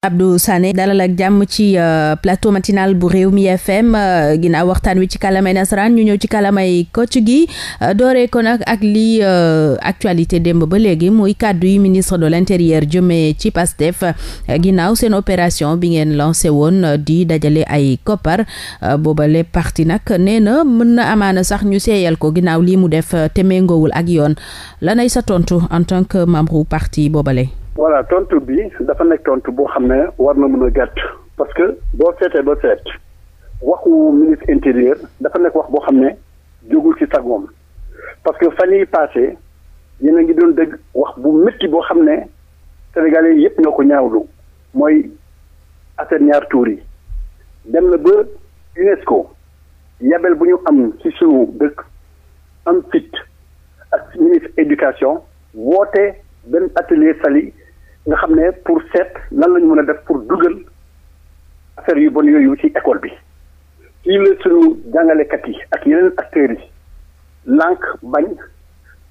Abdou Sané dalal ak jàmm ci euh, plateau matinal bu réew mi FM euh, ginaaw waxtaan wi ci kàllaamay nasaraan ñu ñëw ci kàllaamay kocc gi euh, dooree ko nag ak li actualité démb ba léegi muy kàddu yi ministre de l'intérieur jëmee ci Pastef ginnaaw seen opération bi ngeen lancé woon di dajale ay koppar boobale parti nag nee na mën na amaana sax ñu seeyal ko ginnaaw lii mu def te méngoowul ak yoon lanay sa tontu en tant que membre parti boobale voilà tontu bi dafa nekk tontu boo xam ne war na mën a gàtt parce que boo seetee ba seet waxu ministre intérieur dafa nekk wax boo xam ne jógul ci sagoom parce que fan yii passé a ngi doon dégg wax bu métti boo xam ne sénégalais yëpp ñoo ko ñaawlu mooy affaire ñaar tuur yi dem na ba UNESCO yabel bu ñu am ci suñu dëkk am fit ak ministre éducation woote benn atelier Saly nga xam ne pour seet lan la ñu mën a def pour dugal affaire yu bon yooyu ci école bi fii la suñu jàngalekat yi ak yeneen acteurs yi lànk bañ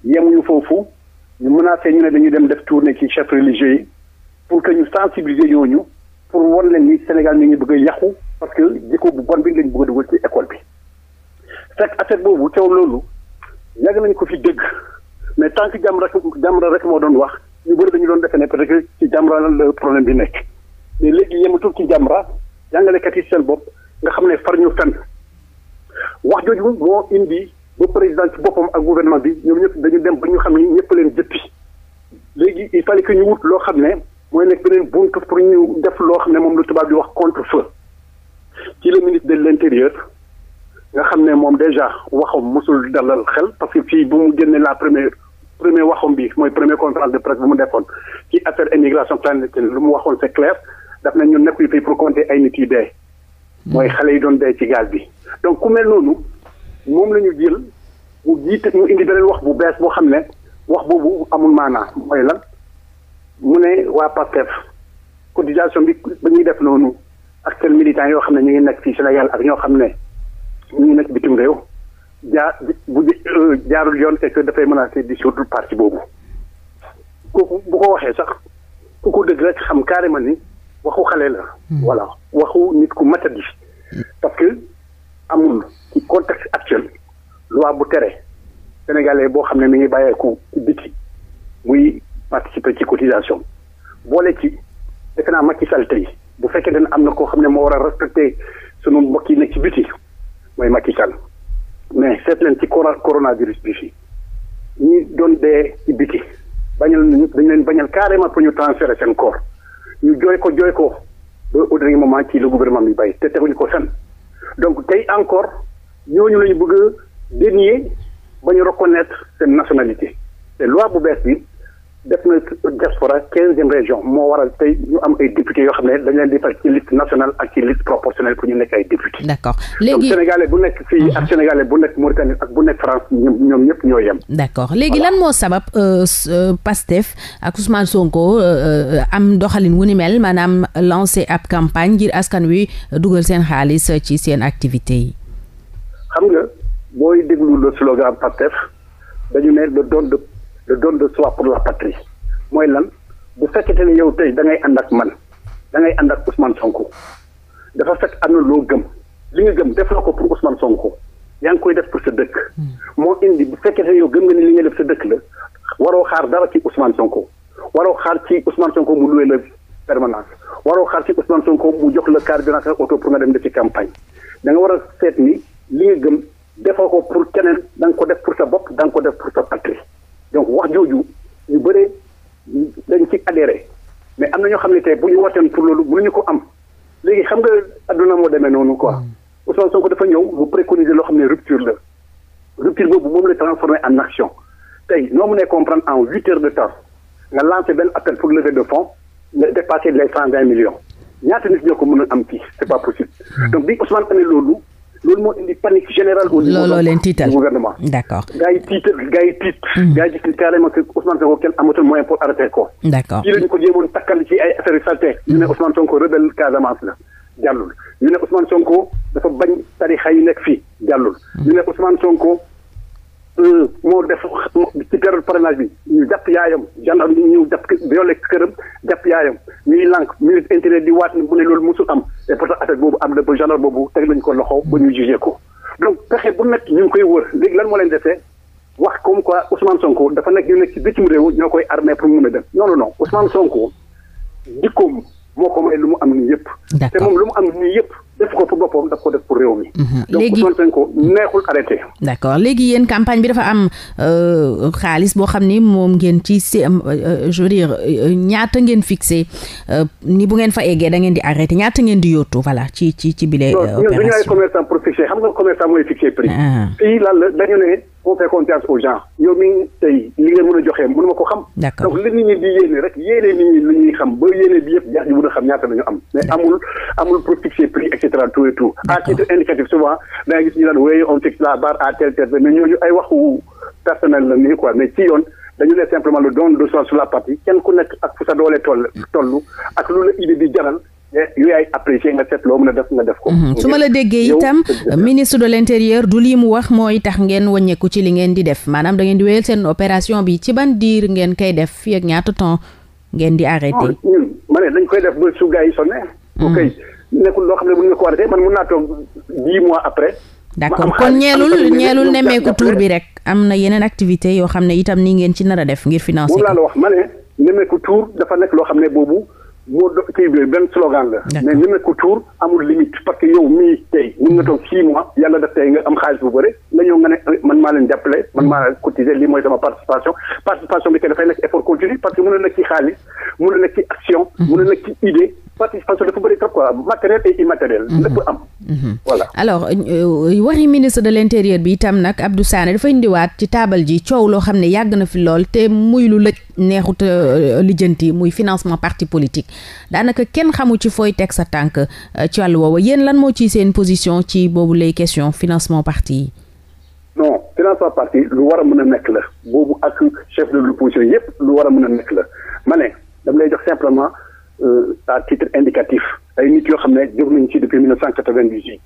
yemuñu foofu ñu a menacé ñu ne dañuy dem def tournée ci chefs religieux yi pour que ñu sensibiliser ñooñu pour won leen ni Sénégal mi ngi bëgg a yàqu parce que jikko bu bon bi lañ bëgg a dugal ci école bi fekk affaire boobu teew loolu yàgg nañ ko fi dégg mais tant que jàmm rek jàmm rek moo doon wax. ñu bëri dañu doon defe ne parce que ci Jamra la problème bi nekk mais léegi yematul ci Jamra jàngalekat yi seen bopp nga xam ne far ñu fenn wax jooju moo indi ba président ci boppam ak gouvernement bi ñoom ñëpp dañu dem ba ñu xam ni ñëpp leen jëppi léegi il fallait que ñu wut loo xam ne mooy nekk beneen bunt pour ñu def loo xam ne moom lu tubaab di wax contre-feu ci le ministre de l'intérieur nga xam ne moom déjà waxam mosul dalal xel parce que fii bu mu génnee la première premier waxam bi mooy premier conférence de presse bu mu defoon ci affaire immigration clandestine lu mu waxoon seclaire clair daf na nekk nekkuñu fii pour compter ay nit yi dee. Hmm. mooy xale yi doon dee ci gaz bi. donc ku mel noonu moom la ñu jël mu jiite mu indi beneen wax bu bees boo xam ne wax boobu amul maanaa mooy lan mu ne waa Pastef cotisation bi ba ñuy def noonu ak seen militants yoo xam ne ñu ngi nekk fii Sénégal ak ñoo xam ne ñu ngi nekk bitim réew. jaar bu euh, jaarul yoon et que dafay menacer di surtout parti boobu kooku bu ko waxee sax ku ko dëgg rek xam carrément ni waxu xale la. Hmm. voilà waxu nit ku matadi. parce que amul ci contexte actuel loi bu tere sénégalais boo xam ne mi ngi bàyyeeku ci biti muy participer ci cotisation boole ci defe naa Macky Sall tey bu fekkee ne am na koo xam ne moo war a respecter sunu mbokki yi nekk ci biti mooy Macky Sall. mais seet leen ci coronavirus bi fii ñi doon dee ci biti bañal dañ leen bañal carrément pour ñu transférer seen corps ñu jooy ko jooy ko ba au dernier moment ci le gouvernement bi bàyyi te teguñu ko seen donc tey encore ñooñu la ñu bëgg a dénier ba ñu reconnaître seen nationalité te loi bu bees bi def na diaspora quinzième région moo waral tey ñu am ay députés yoo xam ne dañ leen di fal ci liste nationale ak ci liste proportionnelle pour ñu nekk ay députés. d'accord léegi sénégalais bu nekk fii mhm. ak sénégalais bu nekk Mauritanie ak bu nekk France ñoom ñoom ñëpp ñoo yem. d'accord léegi lan moo sabab euh, euh, Pastef ak Ousmane Sonko euh, am doxalin wu ni mel maanaam lancer ab campagne ngir askan wi dugal seen xaalis ci seen activité yi. xam nga booy déglu le slogan Pastef dañu ne le le don de soi pour la patrie mooy lan bu fekkete ne yow tey da ngay ànd ak man dangay ngay ànd ak Ousmane Sonko dafa fekk am na loo gëm li nga gëm def na ko pour Ousmane Sonko yaa ngi koy def pour sa dëkk hmm. moo indi bu fekkete ne yow gëm nga ni li nga def sa dëkk la waroo xaar dara ci Ousmane Sonko waroo xaar ci Ousmane Sonko mu loué la permanence waroo xaar ci Ousmane Sonko mu jox la carburant auto pour nga dem rupture la rupture boobu moom la transformé en action tey noo mënee comprendre en huit heures de temps nga lancé benn appel pour lever de fonds nga dépassé millions ñaata nit ñoo ko mën a am fii c' pas possible. Hmm. donc bi Ousmane amee loolu loolu moo indi panique générale. au niveau looloo leen tiital gouvernement. d' accord tiital gars tiit. Hmm. gars yi gis carrément que Ousmane Sonko kenn amatul moyen pour arrêter ko. d' accord fii la dafa bañ tarixa yi nekk fii jàllul. Hmm. ñu ne Ousmane Sonko euh, moo def ci période parrainage bi ñu jàpp yaayam gendarme ñu ñëw jàpp violé këram jàpp yaayam ñuy lànk ministre intérieur di waat ne bu loolu mosul am et pourtant boobu am na ba gendarme boobu teg nañ ko loxo ba ñu ko. donc pexe bu nekk ñu koy wër léegi lan moo leen defee wax ko quoi Ousmane Sonko dafa nekk ñu nekk ci bitim réew ñoo koy armé pour mu mun a dem non non non Ousmane Sonko dikkoom moo ko may lu mu am nii yëpp. te moom lu mu am nii yëpp. def ko pour boppam daf ko def pour réew mi. Mhm. léegi donc Ousmane yéen campagne bi dafa am euh, xaalis boo xam ni moom ngeen ci si euh, euh, je dire ñaata ngeen fixé ni bu ngeen fa eggee da ngeen di arrêté ñaata ngeen di yóotu voilà ci ci ci bile. opération non ñun du ñu dañu ne. on fait confiance aux gens yow mi tey li ngeen mën a joxe mënu ma ko xam. donc li nit di yéene rek yéene nit ñi li ñuy xam ba yéene bi yëpp jeex ñu mën a xam ñaata la ñu am. mais amul amul pour fixer prix et cetera tout et tout. à titre indicatif souvent da ngay gis ñu naan wéy on fixe la barre à tel tel mais ñooñu ay waxu personnel la nii quoi mais ci yoon. dañu ne simplement le don de la partie kenn ku nekk ak fu sa doole toll toll ak lu la idée bi jaral yu loo mën a def nga def mhm. su ma la déggee itam ministre de l' du lii mu wax mooy tax ngeen wàññeeku ci li ngeen di def maanaam da ngeen di wéyal seen opération bi ci ban diir ngeen koy def fii ak ñaata temps ngeen di arrêté. Ah, ñun ma dañ koy def ba su gars yi sonné. Mhm. ok loo xam ne mën ko arrêté man mën naa toog dix mois après. d' kon ñeelul ñeelul nemmeeku tour bi rek am na yeneen activité yoo xam ne itam ni ngeen ci nar a def ngir financer. moom laa ma ne nemmeeku tour dafa nekk loo xam ne boobu. moo do kii bi benn slogan la. mais ñemeku tuur amul limite parce que yow mii tey mën nga toog six mois yàlla def tey nga am xaalis bu bëri nga nga ne eh, man maa leen jàppale man maa mm-hmm. cotiser lii mooy sama participation participation bi kay dafay nekk effort parce que mën na nekk ci xaalis mën na nekk ci action. mën mm-hmm. na nekk ci idée participation dafa bëri trop quoi matériel et immatériel. Mhm. lépp am. Mhm. voilà alors euh, euh, waxi ministre de l' intérieur bi itam nag Abdou Sané dafa indiwaat ci taabal ji coow loo xam ne yàgg na fi lool te muy lu lëj neexut euh, lijjanti muy financement parti politique daanaka kenn xamu ci fooy teg sa tànk ci wàllu woowa yéen lan moo ci seen position ci boobu lay question financement parti yi. non financement parti lu war a mën a nekk la boobu ak chef de l' yépp lu war a mën a la ma Euh, à titre indicatif ay nit yoo xam ne jóg nañu ci depuis mille neuf cent quatre-vingt-dix-huit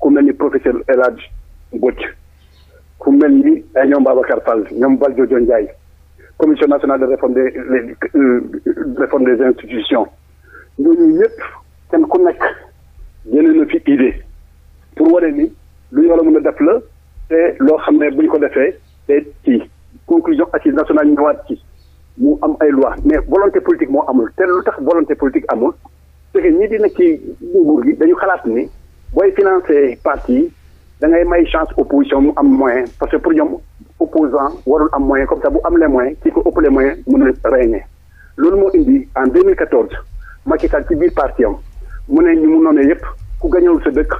ku mel ni professeur El Hadj Mbodj ku mel ni ay ñoom Babacar Fall ñoom Valdiodio Ndiaye commission nationale de réforme des euh, réforme des institutions ñooñu ñëpp kenn ku nekk génne na fi idée pour wane ni lu ñu mun a def la te loo xam ne bu ñu ko defee te ci conclusion assise ñu ñëwaat ci mu am ay loi mais volonté politique moo amul te lu tax volonté politique amul c'est que ñi di ci nguur gi dañu xalaat ni booy financer parti yi da ngay may chance opposition mu am moyen parce que pour ñoom opposant warul am moyen comme ça bu am les moyens kii ko ëpp les moyens mën a régner loolu moo indi en 2014 Macky Sall ci biir parti mu ne ñu mu noonee yépp ku gañewul sa dëkk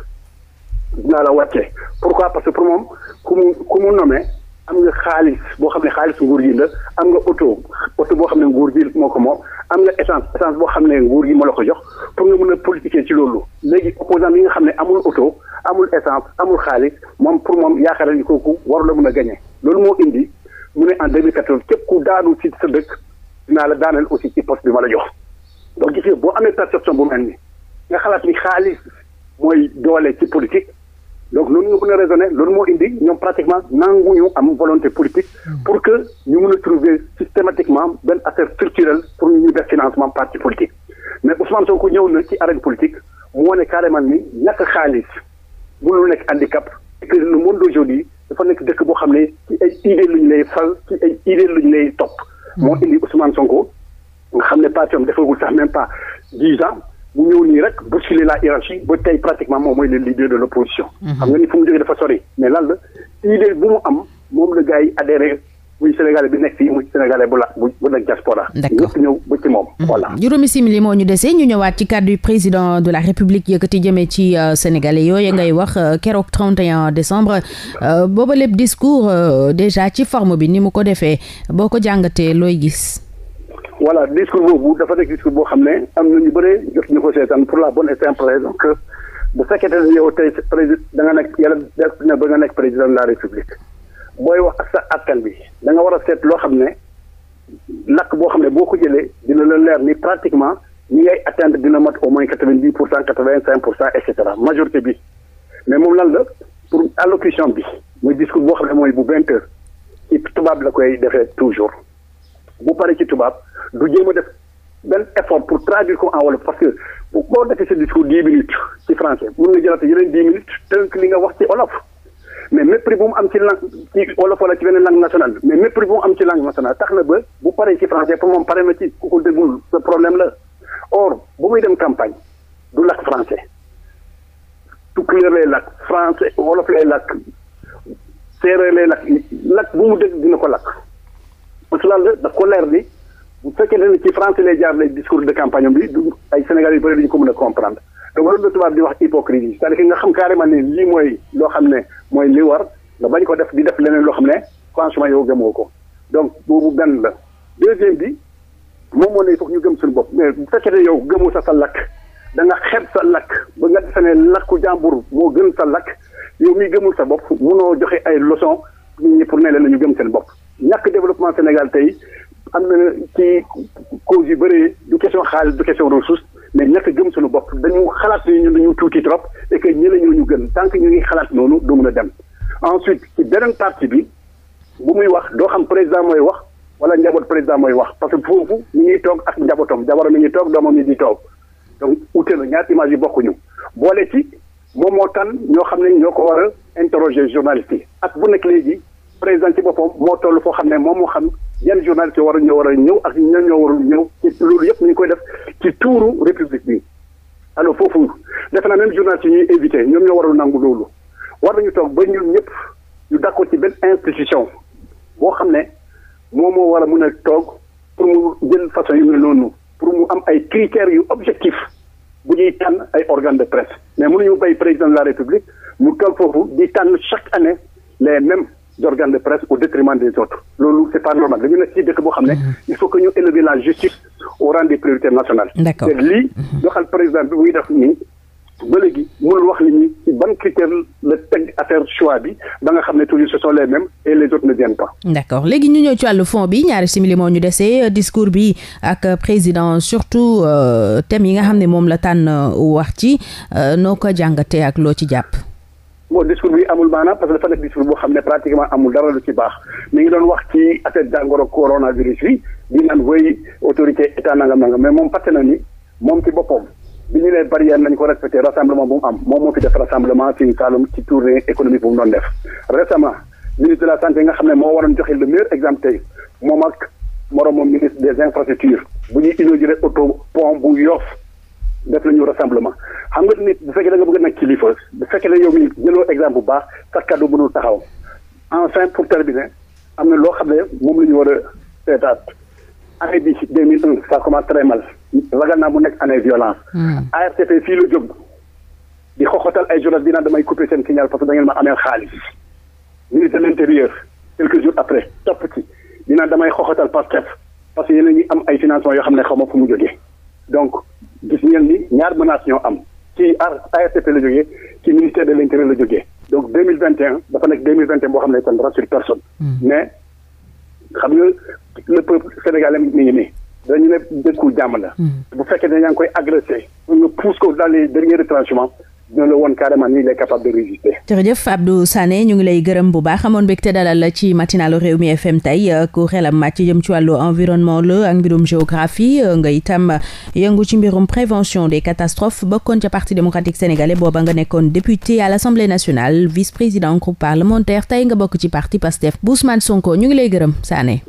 dinaa la wàcce pourquoi parce que pour moom ku mu ku mu nommé am nga xaalis boo xam ne xaalis nguur yi la am nga oto oto boo xam ne nguur gi moo ko moom am nga essence essence boo xam ne nguur yi moo la ko jox pour nga mën a politiquer ci loolu léegi opposant yi nga xam ne amul oto amul essence amul xaalis moom pour moom yaakaar nañu kooku war a gagné loolu moo indi mu ne en 2014 képp ku daanu ci sa dëkk dinaa la daaneel aussi ci poste bi ma la jox donc gis nga boo amee perception bu mel ni nga xalaat ni xaalis mooy doole ci politique donc noonu nga mën a raisonner loolu moo indi ñoom pratiquement nanguñu am volonté politique hmm. pour que ñu mën a trouver systématiquement benn affaire structurelle pour ñu def financement parti politique mais Ousmane Sonko ñëw na ci arène politique mu wane carrément ni ñàkk xaalis mënul nekk handicap que le monde d'aujourd'hui dafa nekk dëkk boo xam ne ci ay idée lu ñu lay fal ci ay idée lu ñu lay topp hmm. moo indi Ousmane Sonko nga xam ne parti am defagul sax même pas dix mu ñëw nii rek bousculer la hiérarchie ba tey pratiquement moom mooy le de l' opposition. Mhm. xam nga ni fu mu jógee dafa sori. mais lan la idée bu mu am moom la gars yi adhéré muy sénégalais bi nekk fii muy sénégalais bu la bu bu nekk diaspora. d' accord ñëpp ñëw ba ci moom mhm. voilà. juróomi simili moo ñu desee ñu ñëwaat ci kàddu président de la république yëkkati jëmee ci euh, sénégalais yooyu ngay wax euh, keroog 31 décembre euh, booba lépp discours déjà ci forme bi ni mu ko defee boo ko jàngatee looy gis. voilà discours boobu dafa nekk discours boo xam ne am na ñu bëree jot ñu ko seetaan pour la bonne et simple raison que bu fekkente ne yow tey président da nga nekk yàlla def na ba nga nekk président de la république booy wax ak sa askan bi da nga war a seet loo xam ne lakk boo xam ne boo ko jëlee dina la leer ni pratiquement ñu ngi ay atteindre dina mat au moins quatre vingt dix pour cent quatre vingt cinq pour cent et cetera majorité bi mais moom lan la pour allocution bi muy discours boo xam ne mooy bu vingt heures tubaab la koy defee toujours. bu paree ci tubaab du jéem a def benn effort pour traduire ko en wolof parce que bu boo defee sa discours dix minutes ci français mun na jëlaat yeneen dix minutes tënk li nga wax ci wolof mais mépris bu mu am ci langue ci wolof wala ci beneen langue nationale mais mépris bu mu am ci langue nationale tax na ba bu paree ci français pour moom pare na ci ku ko déglu sa problème la or bu muy dem campagne du làkk français tukkuleer lay làkk français wolof lay làkk séeréer lay làkk làkk bu mu dégg ko làkk parce que lan daf ko leer ni bu fekkee ne ci français lay jaar lay discours de campagne bi du ay Sénégal yu bëri duñu ko mën a comprendre donc loolu la tubaab di wax hypocrisie c'est-à-dire nga xam carrément ni lii mooy loo xam ne mooy li war nga bañ ko def di def leneen loo xam ne franchement yow gëmoo ko donc boobu benn la deuxième bi moom moo ne foog ñu gëm suñu bopp mais bu fekkee ne yow gëmul sa sa lakk da nga xeeb sa lakk ba nga defe ne lakku jàmbur moo gën sa lakk yow gëmul sa bopp munoo joxe ay leçon nit ñi pour ne leen ñu gëm seen bopp ñàkk développement Sénégal tey am na ci cause yu bëree du question xaalis du question ressource mais ñàkk gëm suñu bopp dañu xalaat ni ñun tuuti trop et que ñeneen ñoo ñu gën tant que ñu ngi xalaat noonu du mun a dem. ensuite ci beneen parti bi bu muy wax doo xam président mooy wax wala njaboot président mooy wax parce que foofu ñu ngi toog ak njabootam jabaram mi ngi toog doomam mi di toog donc ute na ñaar image yi bokkuñu boole ci moom moo tan ñoo xam ne ñoo ko war a interroger yi ak bu nekk léegi. président ci boppam moo toll foo xam ne moom moo xam yan journaliste yoo war a ñëw war a ñëw ak ñan ñoo warul ñëw ci loolu yëpp ñu ngi koy def ci tuuru république bi alors foofu defe naa même journaliste yi ñuy éviter ñoom ñoo warul nangu loolu war nañu toog ba ñun ñëpp ñu d'accord ci benn institution boo xam ne moom moo war a mun a toog pour mu jël façon yu mel noonu pour mu am ay critères yu objectif bu ñuy tànn ay organes de presse mais mënuñu bay président de la république mu toog foofu di tànn chaque année les mêmes organes de presse au détriment des autres loolu c'est pas normal dañu nekk ci dëkk boo xam ne mhm. il faut que ñu élever la justice au rang des priorités nationales te lii mhm. doxal président bi muy def nii ba léegi mënul wax nit ñi ci ban critère bi ba nga xam ne toujours ce sont les mêmes et les autres ne viennent pas. ñu ñëw ci wàllu fond bi ñaari simili ñu desee euh, discours bi ak euh, président surtout euh, thème yi nga xam ne moom la tànn wax ci noo ko jàngatee ak loo ci jàpp. bon discours bi amul maanaam parce que dafa nekk discours boo xam ne pratiquement amul dara lu ci baax mi ngi doon wax ci affaire jàngoro coronavirus yi di naan autorité état nangam nangam mais moom fàtte na ni moom ci boppam bi ñu nee barrière nañ ko respecté rassemblement bu mu am moom moo fi def rassemblement ci Saloum ci tournée économique bu mu def récemment ministre de la santé nga xam ne moo waroon joxe le meilleur exemple tey moom ak moroom moom ministre des infrastructures bu ñuy inauguré auto pont def nañu rassemblement xam nga nit bu fekkee da nga bëgg nag kilifa bu fekkee ne yow mi jëloo exemple bu baax sa kàddu mënul taxaw enfin pour terminer am na loo xam ne moom la ñu war a seetaat année bi 2001 ça commence très mal ragal naa mu nekk année violence. Hmm. ARTP fii la jóg di xoxotal ay journal dinaa damay couper seen signal parce que da ngeen ma ameel xaalis ministre l'intérieur quelques jours après topp ci dinaa damay xoxotal Pastef ay financement yoo xam ne xaw ma gis ngeen ni ñaar menace ñoo am ci ARTP la jógee ci ministère de l' la jógee donc deux mille vingt et dafa nekk deux mille vingt et boo xam ne kon personne hmm. mais xam nga le peuple sénégalais mi ngi nii dañu ne dëkku jàmm la hmm. bu fekkee ne a ngi koy agressé pousse ko dans les derniers dina la woon carrément jërëjëf Abdou Sané ñu ngi lay gërëm bu baax amoon mbégte dalal ci matinalu réew mi FM tey euh, ku xelam màcc jëm ci wàllu environnement la ak mbirum géographie euh, nga itam yëngu ci mbirum prévention des catastrophes bokkoon ca parti démocratique sénégalais booba nga nekkoon député à l' assemblée nationale vice président groupe parlementaire tey nga bokk ci parti Pastef bu Ousmane Sonko ñu ngi lay gërëm Sané.